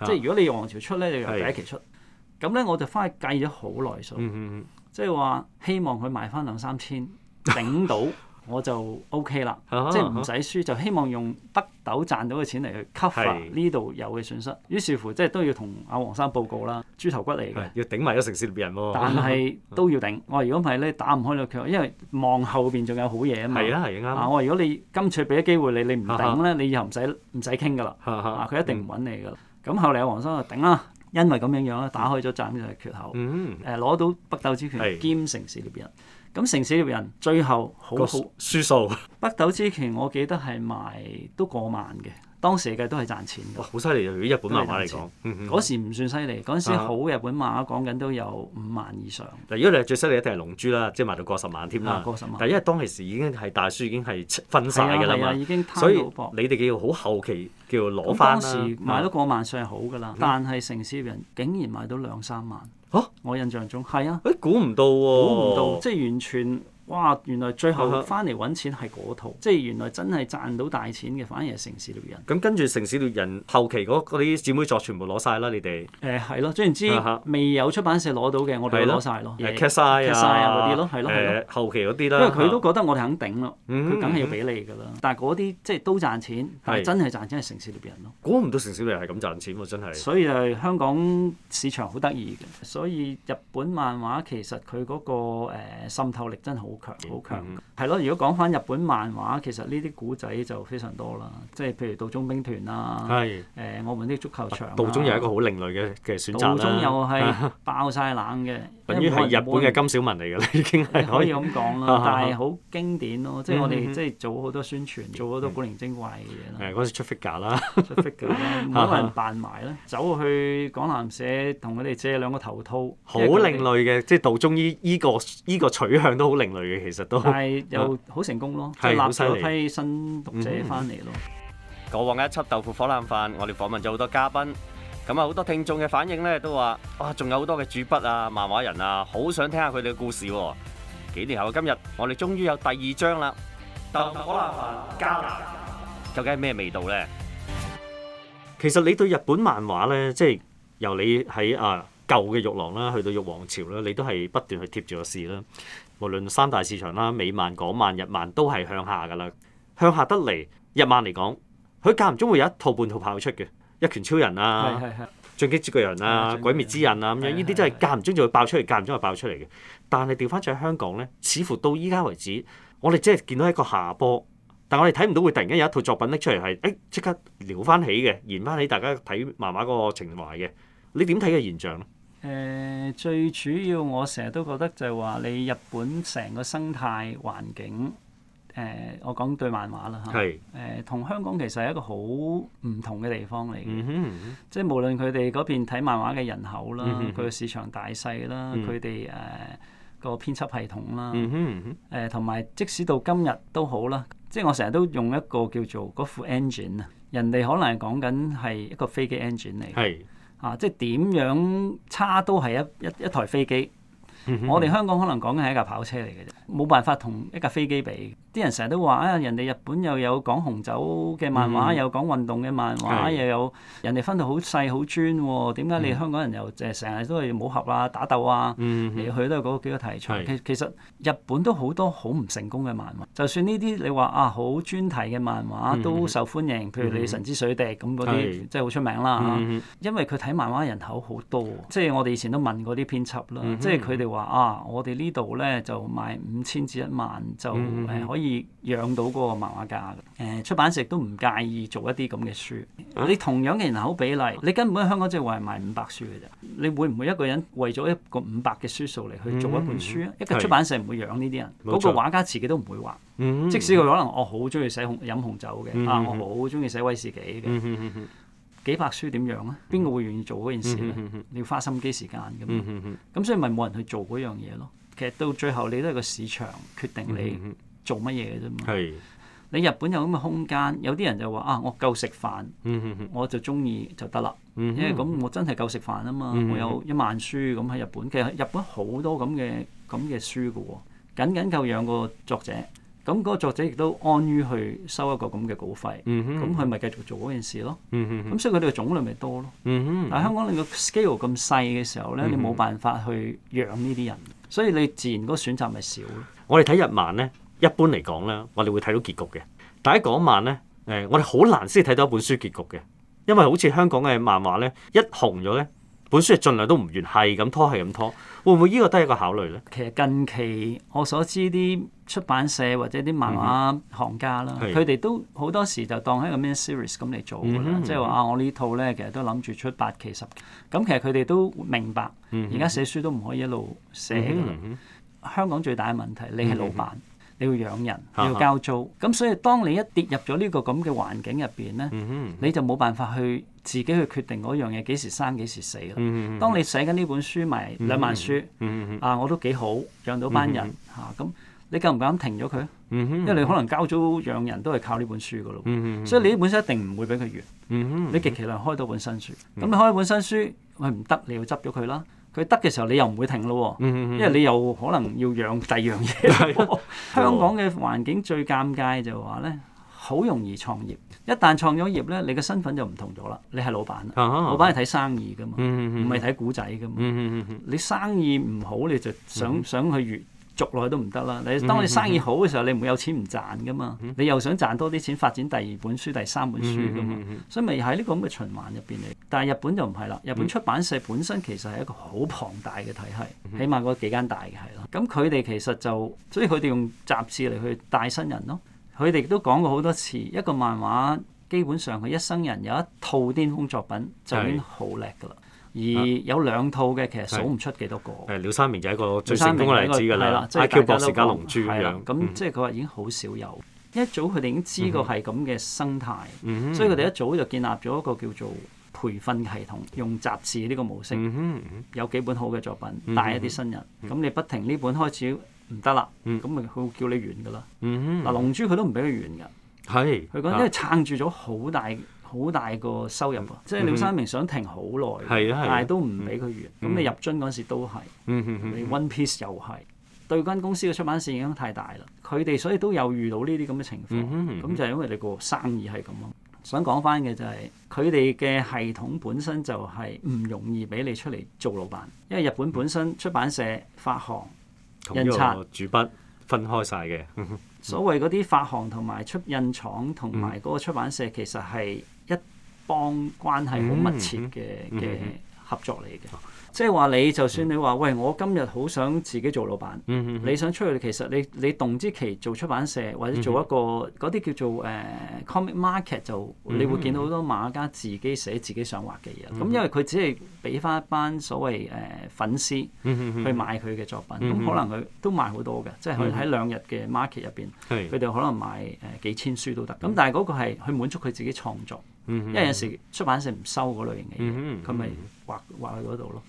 即係如果你用王朝出咧，你就第一期出，咁咧，是我就翻去計咗好耐數，嗯嗯嗯，即係話希望佢賣翻兩三千 頂到。我就 OK 啦，即係唔使輸，就希望用北斗賺到嘅錢嚟去 cover 呢度有嘅損失。於是乎，即係都要同阿黃生報告啦。豬頭骨嚟嘅，要頂埋咗城市獵人喎。但係都要頂。我話如果唔係咧，打唔開呢個缺口，因為望後邊仲有好嘢啊嘛。我話如果你今次俾咗機會你，你唔頂咧，你以後唔使唔使傾噶啦。佢一定唔揾你噶。咁後嚟阿黃生就頂啦，因為咁樣樣咧，打開咗賺嘅缺口。嗯。攞到北斗之拳，兼城市獵人。咁城市獵人最後好輸數，北斗之拳我記得係賣都過萬嘅。當時嘅都係賺錢嘅，好犀利啊！如果日本漫畫嚟講，嗰時唔算犀利，嗰時好日本漫畫講緊都有五萬以上。嗱，如果你係最犀利，一定係龍珠啦，即係賣到過十萬添啦。過十萬，但因為當其時已經係大書已經係分晒㗎啦嘛，所以你哋叫好後期叫攞翻啦。當時賣到過萬算係好㗎啦，但係城市人竟然賣到兩三萬。嚇！我印象中係啊，誒估唔到喎，估唔到，即係完全。哇！原來最後翻嚟揾錢係嗰套，啊、即係原來真係賺到大錢嘅，反而係城市獵人。咁、嗯、跟住城市獵人後期嗰嗰啲姊妹作全部攞晒啦，你哋？誒係咯，總言之未有出版社攞到嘅，我哋都攞曬咯。誒 cash s i 的啊嗰啲咯，係咯耶。誒、啊啊、後期嗰啲啦，因為佢都覺得我哋肯頂咯，佢梗係要俾你㗎啦。嗯嗯、但係嗰啲即係都賺錢，但係真係賺錢係城市獵人咯。估唔到城市獵人係咁賺錢喎！真係。所以就係香港市場好得意嘅。所以日本漫畫其實佢嗰、嗰個誒、呃、滲透力真係好。好強，好強，係咯！如果講翻日本漫畫，其實呢啲古仔就非常多啦，即係譬如《道中兵團、啊》啦是，係誒、呃，我哋啲足球場、啊。道中又係一個好另類嘅嘅選擇、啊、道中又係爆晒冷嘅。 等於係日本嘅金小文嚟㗎啦，已經係可以咁講啦。但係好經典咯，即係我哋即係做好多宣傳，做好多古靈精怪嘅嘢啦。誒，嗰時出 figure 啦，出 figure 啦，冇人扮埋啦，走去港南社同佢哋借兩個頭套。好另類嘅，即係道中醫依個依個取向都好另類嘅，其實都係又好成功咯，即係攬咗批新讀者翻嚟咯。過往一輯豆腐火腩飯，我哋訪問咗好多嘉賓。咁啊，好多聽眾嘅反應咧，都話：哇，仲有好多嘅主筆啊、漫畫人啊，好想聽下佢哋嘅故事。幾年後嘅今日，我哋終於有第二章啦。《豆果爛漫加》究竟係咩味道咧？其實你對日本漫畫咧，即係由你喺啊舊嘅玉郎啦，去到玉皇朝啦，你都係不斷去貼住個市啦。無論三大市場啦、美漫、港漫、日漫都係向下噶啦，向下得嚟，日漫嚟講，佢間唔中會有一套半套跑出嘅。《一拳超人》啊，進擊之巨人啊，是是鬼滅之刃啊，咁樣呢啲真係間唔中就會爆出嚟，間唔中就會爆出嚟嘅。但係調翻轉喺香港咧，似乎到依家為止，我哋即係見到一個下坡。但我哋睇唔到會突然間有一套作品拎出嚟係，誒、哎、即刻撩翻起嘅，燃翻起大家睇漫畫嗰個情懷嘅。你點睇嘅現象咧？誒、呃，最主要我成日都覺得就係話，你日本成個生態環境。誒、呃，我講對漫畫啦嚇，誒同是、呃、香港其實係一個好唔同嘅地方嚟嘅，mm hmm. 即係無論佢哋嗰邊睇漫畫嘅人口啦，佢嘅、mm hmm. 市場大細啦，佢哋誒個編輯系統啦，誒同埋即使到今日都好啦，即係我成日都用一個叫做嗰副 engine 啊，人哋可能係講緊係一個飛機 engine 嚟，mm hmm. 啊，即係點樣差都係一一一,一,一台飛機。我哋香港可能講嘅係一架跑車嚟嘅啫，冇辦法同一架飛機比。啲人成日都話啊，人哋日本又有講紅酒嘅漫畫，有講運動嘅漫畫，又有，人哋分到好細好專喎。點解你香港人又成日都係武俠啊、打鬥啊，嚟去都係嗰幾個題材？其其實日本都好多好唔成功嘅漫畫，就算呢啲你話啊好專題嘅漫畫都受歡迎，譬如你神之水滴咁嗰啲，真係好出名啦。因為佢睇漫畫人口好多，即係我哋以前都問過啲編輯啦，即係佢哋。話啊，我哋呢度咧，就賣五千至一萬就誒，可以養到嗰個漫畫家嘅，出版社都唔介意做一啲咁嘅書。你同樣嘅人口比例，你根本香港即係話賣五百書嘅咋。你會唔會一個人為咗一個五百嘅書數嚟去做一本書啊？一個出版社唔會養呢啲人，嗰個畫家自己都唔會畫。即使佢可能，我好中意寫紅飲紅酒嘅啊，我好中意寫威士忌嘅。幾百書點樣咧？邊個會願意做嗰件事咧？嗯、哼哼你要花心機時間㗎嘛。咁、嗯、所以咪冇人去做嗰樣嘢咯。其實到最後你都係個市場決定你做乜嘢嘅啫嘛。嗯、哼你日本有咁嘅空間，有啲人就話啊，我夠食飯，嗯、哼哼我就中意就得啦。嗯、哼哼因為咁我真係夠食飯啊嘛。我有一萬書咁喺日本，其實日本好多咁嘅咁嘅書嘅喎，僅僅夠養個作者。咁嗰個作者亦都安於去收一個咁嘅稿費，咁佢咪繼續做嗰件事咯。咁所以佢哋嘅種類咪多咯。嗯、哼但係香港你個 scale 咁細嘅時候咧，嗯、哼你冇辦法去養呢啲人，所以你自然嗰個選擇咪少咯。我哋睇日漫咧，一般嚟講咧，我哋會睇到結局嘅。但喺港漫咧，誒，我哋好難先睇到一本書結局嘅，因為好似香港嘅漫畫咧，一紅咗咧。本書係盡量都唔完，係咁拖，係咁拖，拖，會唔會呢個都係一個考慮咧？其實近期我所知啲出版社或者啲漫畫行家啦，佢哋、mm hmm. 都好多時就當係一個咩 series 咁嚟做噶啦，mm hmm. 即係話啊，我呢套咧其實都諗住出八期十期，咁其實佢哋都明白，而家、mm hmm. 寫書都唔可以一路寫噶啦。Mm hmm. 香港最大嘅問題，你係老闆。Mm hmm. 你要養人，你要交租，咁所以當你一跌入咗呢個咁嘅環境入邊咧，你就冇辦法去自己去決定嗰樣嘢幾時生幾時死啦。當你寫緊呢本書埋兩萬書，啊，我都幾好，養到班人吓，咁你夠唔夠膽停咗佢？因為你可能交租養人都係靠呢本書噶咯，所以你呢本書一定唔會俾佢完。你極其量開到本新書，咁你開本新書，我唔得，你要執咗佢啦。佢得嘅時候，你又唔會停咯喎，哦，嗯嗯嗯，因為你又可能要養第二樣嘢。 是香港嘅環境最尷尬就係話咧，好容易創業，一旦創咗業咧，你嘅身份就唔同咗啦，你係老闆，嗯嗯嗯嗯，老闆係睇生意噶嘛，唔係睇古仔噶嘛。嗯嗯嗯嗯嗯，你生意唔好，你就想嗯嗯，想去越。續落去都唔得啦！你當你生意好嘅時候，嗯、哼你唔有錢唔賺噶嘛？嗯、哼你又想賺多啲錢，發展第二本書、第三本書噶嘛？嗯、哼所以咪喺呢個咁嘅循環入邊嚟。但係日本就唔係啦，日本出版社本身其實係一個好龐大嘅體系，嗯、哼起碼嗰幾間大嘅係咯。咁佢哋其實就，所以佢哋用雜誌嚟去帶新人咯。佢哋都講過好多次，一個漫畫基本上佢一生人有一套巔峯作品就已經好叻噶啦。而有兩套嘅其實數唔出幾多個。誒，鳥山明就係一個最成功嘅例子㗎啦。IQ 博士加龍珠咁樣，咁即係佢話已經好少有。一早佢哋已經知道係咁嘅生態，所以佢哋一早就建立咗一個叫做培訓系統，用雜誌呢個模式。有幾本好嘅作品帶一啲新人，咁你不停呢本開始唔得啦，咁咪會叫你完㗎啦。嗱，龍珠佢都唔俾佢完㗎。係，佢講因為撐住咗好大。好大個收入啊，即係鳥山明想停好耐，嗯、但係都唔俾佢完。咁、嗯、你入樽嗰時都係，嗯嗯嗯、你 One Piece 又係，對間公司嘅出版社影響太大啦。佢哋所以都有遇到呢啲咁嘅情況，咁、嗯嗯嗯、就係因為你個生意係咁咯。想講翻嘅就係佢哋嘅系統本身就係唔容易俾你出嚟做老闆，因為日本本身出版社、嗯、發行、印刷、主筆分開晒嘅。嗯、所謂嗰啲發行同埋出印廠同埋嗰個出版社其實係，一幫關係好密切嘅嘅合作嚟嘅，嗯嗯嗯、即係話你就算你話、嗯、喂，我今日好想自己做老闆，嗯嗯、你想出去，其實你你動之期做出版社或者做一個嗰啲、嗯、叫做誒、呃、Comic Market 就，你會見到好多馬家自己寫自己想畫嘅嘢。咁、嗯嗯、因為佢只係俾翻一班所謂誒、呃、粉絲去買佢嘅作品，咁、嗯嗯嗯、可能佢都賣好多嘅，即係佢喺兩日嘅 market 入邊，佢哋可能賣誒幾千書都得。咁的但係嗰個係去滿足佢自己創作。因為有時出版社唔收嗰類型嘅嘢，佢咪、嗯嗯嗯、畫畫喺嗰度咯。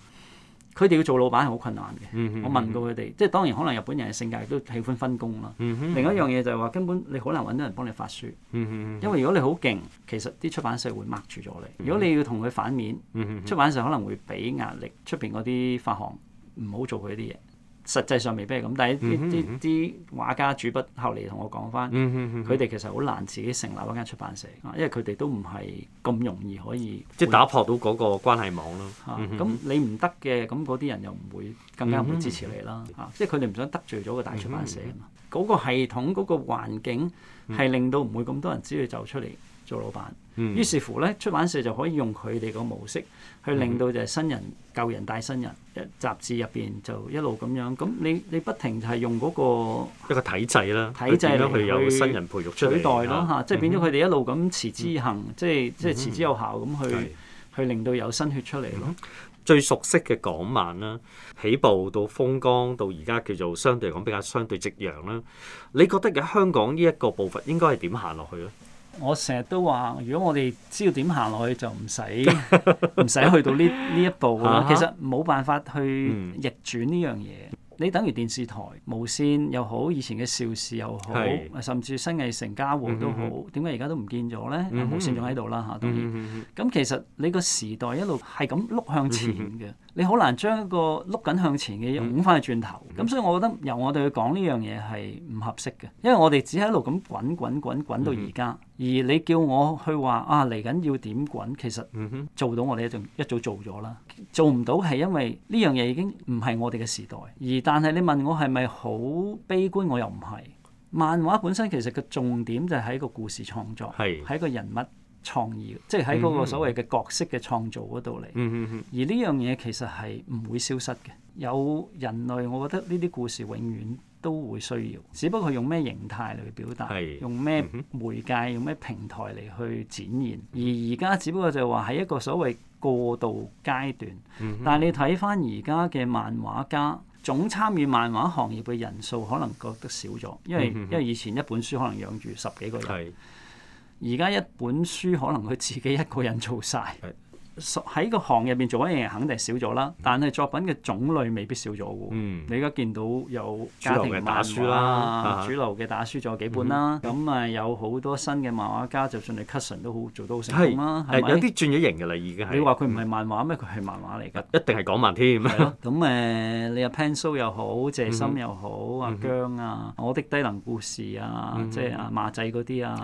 佢哋要做老闆係好困難嘅。嗯、哼我問過佢哋，嗯、哼即係當然可能日本人嘅性格亦都喜歡分工啦。嗯、哼另一樣嘢就係話根本你好難揾到人幫你發書，嗯、哼因為如果你好勁，其實啲出版社會,會抹住咗你。如果你要同佢反面，嗯、哼出版社可能會俾壓力，出邊嗰啲發行唔好做佢啲嘢。實際上未必係咁，但係啲啲啲畫家主筆後嚟同我講返，佢哋、嗯嗯、其實好難自己成立一間出版社，因為佢哋都唔係咁容易可以。即係打破到嗰個關係網咯。咁、嗯啊、你唔得嘅，咁嗰啲人又唔會更加唔會支持你啦。即係佢哋唔想得罪咗個大出版社啊嘛。嗰、嗯嗯、個系統、嗰、嗰個環境係令到唔會咁多人知道走、嗯、哼出嚟做老闆。嗯哼。於是乎咧，出版社就可以用佢哋個模式。去令到就係新人舊人帶新人，一雜誌入邊就一路咁樣。咁你你不停就係用嗰個一個體制啦，體制咧去有新人培育出嚟取代咯，嗯、哼即係變咗佢哋一路咁持之以恒，嗯、哼即係即係持之有效咁去、嗯、哼去，去令到有新血出嚟咯、嗯。最熟悉嘅港漫啦，起步到風光，到而家叫做相對嚟講比較相對夕陽啦。你覺得喺香港呢一個步伐應該係點行落去咧？我成日都話，如果我哋知道點行落去，就唔使唔使去到呢呢一步啦。啊、哈其實冇辦法去逆轉呢樣嘢。嗯、你等於電視台無線又好，以前嘅邵氏又好，是甚至新藝城嘉禾都好，點解而家都唔見咗咧？嗯、哼哼無線仲喺度啦嚇，當然。咁、嗯、其實你個時代一路係咁碌向前嘅。嗯哼哼你好難將一個碌緊向前嘅嘢揾翻去轉頭，咁、嗯、所以我覺得由我哋去講呢樣嘢係唔合適嘅，因為我哋只係一路咁滾滾滾滾滾到而家，嗯、而你叫我去話啊嚟緊要點滾，其實做到我哋一定一早做咗啦，做唔到係因為呢樣嘢已經唔係我哋嘅時代，而但係你問我係咪好悲觀，我又唔係。漫畫本身其實個重點就係一個故事創作，是係一個人物。創意，即係喺嗰個所謂嘅角色嘅創造嗰度嚟。嗯、哼哼而呢樣嘢其實係唔會消失嘅。有人類，我覺得呢啲故事永遠都會需要，只不過用咩形態嚟表達，是用咩媒介、嗯、哼用咩平台嚟去展現。而而家只不過就係話喺一個所謂過渡階段。但係你睇返而家嘅漫畫家總參與漫畫行業嘅人數，可能覺得少咗，因為、嗯、哼因為以前一本書可能養住十幾個人。而家一本書，可能佢自己一個人做曬。喺個行入邊做嗰啲人肯定少咗啦，但係作品嘅種類未必少咗喎。你而家見到有家庭嘅打書啦，主流嘅打書仲有幾本啦。咁啊有好多新嘅漫畫家就算你 Cushion 都好做，都好成功啦。係有啲轉咗型嘅啦，已經係。你話佢唔係漫畫咩？佢係漫畫嚟㗎，一定係港漫添。咁誒，你阿 Pencil 又好，謝心又好，阿姜啊，《我的低能故事》啊，即係阿馬仔嗰啲啊，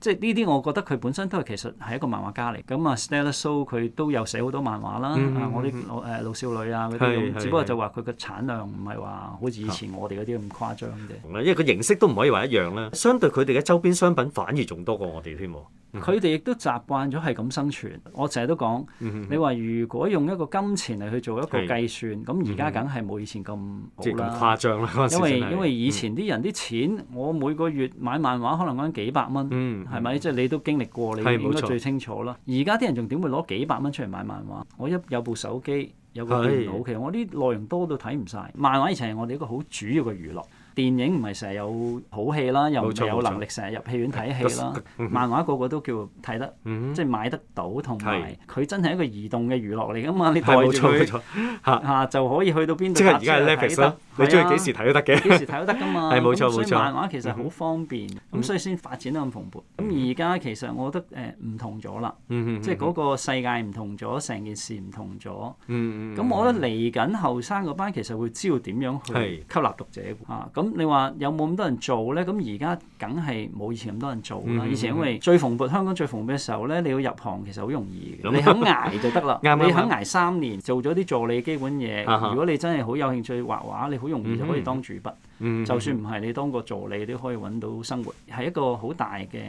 即係呢啲，我覺得佢本身都係其實係一個漫畫家嚟。咁啊，Stella So。佢都有寫好多漫畫啦，我啲誒老少女啊嗰啲，只不過就話佢嘅產量唔係話好似以前我哋嗰啲咁誇張嘅。因為個形式都唔可以話一樣啦。相對佢哋嘅周邊商品反而仲多過我哋添。佢哋亦都習慣咗係咁生存。我成日都講，你話如果用一個金錢嚟去做一個計算，咁而家梗係冇以前咁即係咁誇張啦。因為因為以前啲人啲錢，我每個月買漫畫可能嗰陣幾百蚊，係咪？即係你都經歷過，你應該最清楚啦。而家啲人仲點會攞？幾百蚊出嚟買漫畫，我一有部手機有個電腦，其實的我啲內容多到睇唔曬。漫畫以前係我哋一個好主要嘅娛樂。電影唔係成日有好戲啦，又唔係有能力成日入戲院睇戲啦。漫畫個個都叫睇得，即係買得到，同埋佢真係一個移動嘅娛樂嚟噶嘛。你帶住佢嚇，就可以去到邊度，即係而家係 Laptop，你中意幾時睇都得嘅。幾時睇都得噶嘛。係，冇錯，冇錯。所以漫畫其實好方便，咁所以先發展得咁蓬勃。咁而家其實我覺得誒唔同咗啦，即係嗰個世界唔同咗，成件事唔同咗。咁我覺得嚟緊後生嗰班其實會知道點樣去吸納讀者嚇咁。你話有冇咁多人做咧？咁而家梗係冇以前咁多人做啦。以前因為最蓬勃香港最蓬勃嘅時候咧，你要入行其實好容易嘅，你肯捱就得啦。你肯捱三年，做咗啲助理基本嘢。如果你真係好有興趣畫畫，你好容易就可以當主筆。就算唔係，你當個助理你都可以揾到生活，係一個好大嘅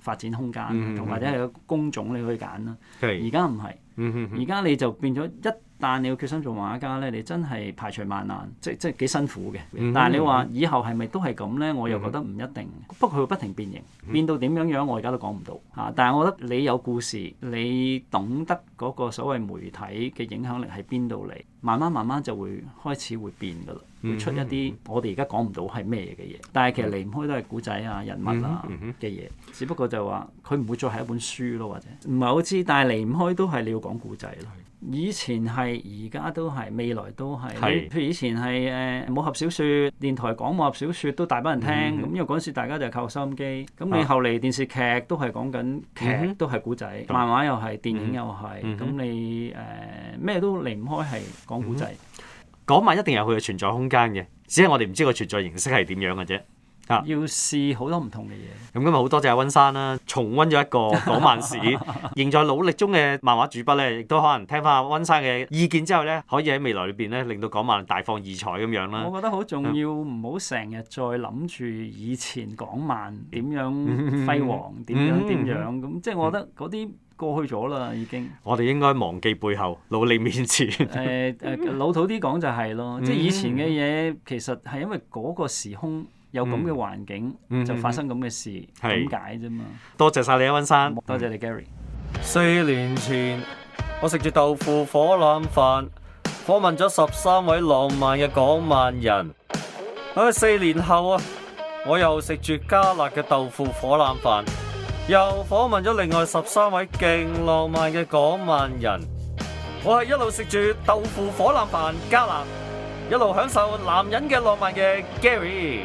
發展空間，同或者係個工種你可以揀啦。而家唔係，而家你就變咗一。但你要決心做畫家咧，你真係排除萬難，即係即係幾辛苦嘅。但係你話以後係咪都係咁咧？我又覺得唔一定。不過佢會不停變形，變到點樣樣，我而家都講唔到嚇、啊。但係我覺得你有故事，你懂得嗰個所謂媒體嘅影響力喺邊度嚟，慢慢慢慢就會開始會變噶啦，會出一啲我哋而家講唔到係咩嘅嘢。但係其實離唔開都係故仔啊、人物啊嘅嘢，只不過就話佢唔會再係一本書咯，或者唔係好知。但係離唔開都係你要講故仔啦。以前係，而家都係，未來都係。是譬如以前係誒、呃、武俠小説，電台講武俠小説都大班人聽。咁、mm hmm. 因為嗰陣時大家就係靠收音機。咁你後嚟電視劇都係講緊、啊、劇，都係古仔，漫畫又係，電影又係。咁、mm hmm. 你誒咩、呃、都離唔開係講古仔。Mm hmm. 講漫一定有佢嘅存在空間嘅，只係我哋唔知個存在形式係點樣嘅啫。要試好多唔同嘅嘢。咁今日好多謝温珊啦，重溫咗一個港漫史，仍在努力中嘅漫畫主筆咧，亦都可能聽翻阿温珊嘅意見之後咧，可以喺未來裏邊咧，令到港漫大放異彩咁樣啦。我覺得好重要，唔好成日再諗住以前港漫點樣輝煌，點樣點樣咁。即係我覺得嗰啲過去咗啦，已經。我哋應該忘記背後，努力面前。誒誒，老土啲講就係咯，即係以前嘅嘢其實係因為嗰個時空。有咁嘅環境就發生咁嘅事，係點解啫嘛？多謝曬你啊，温生，多謝你 Gary。四年前我食住豆腐火腩飯，訪問咗十三位浪漫嘅港漫人。喺，四年後啊，我又食住加辣嘅豆腐火腩飯，又訪問咗另外十三位勁浪漫嘅港漫人。我係一路食住豆腐火腩飯加辣，一路享受男人嘅浪漫嘅 Gary。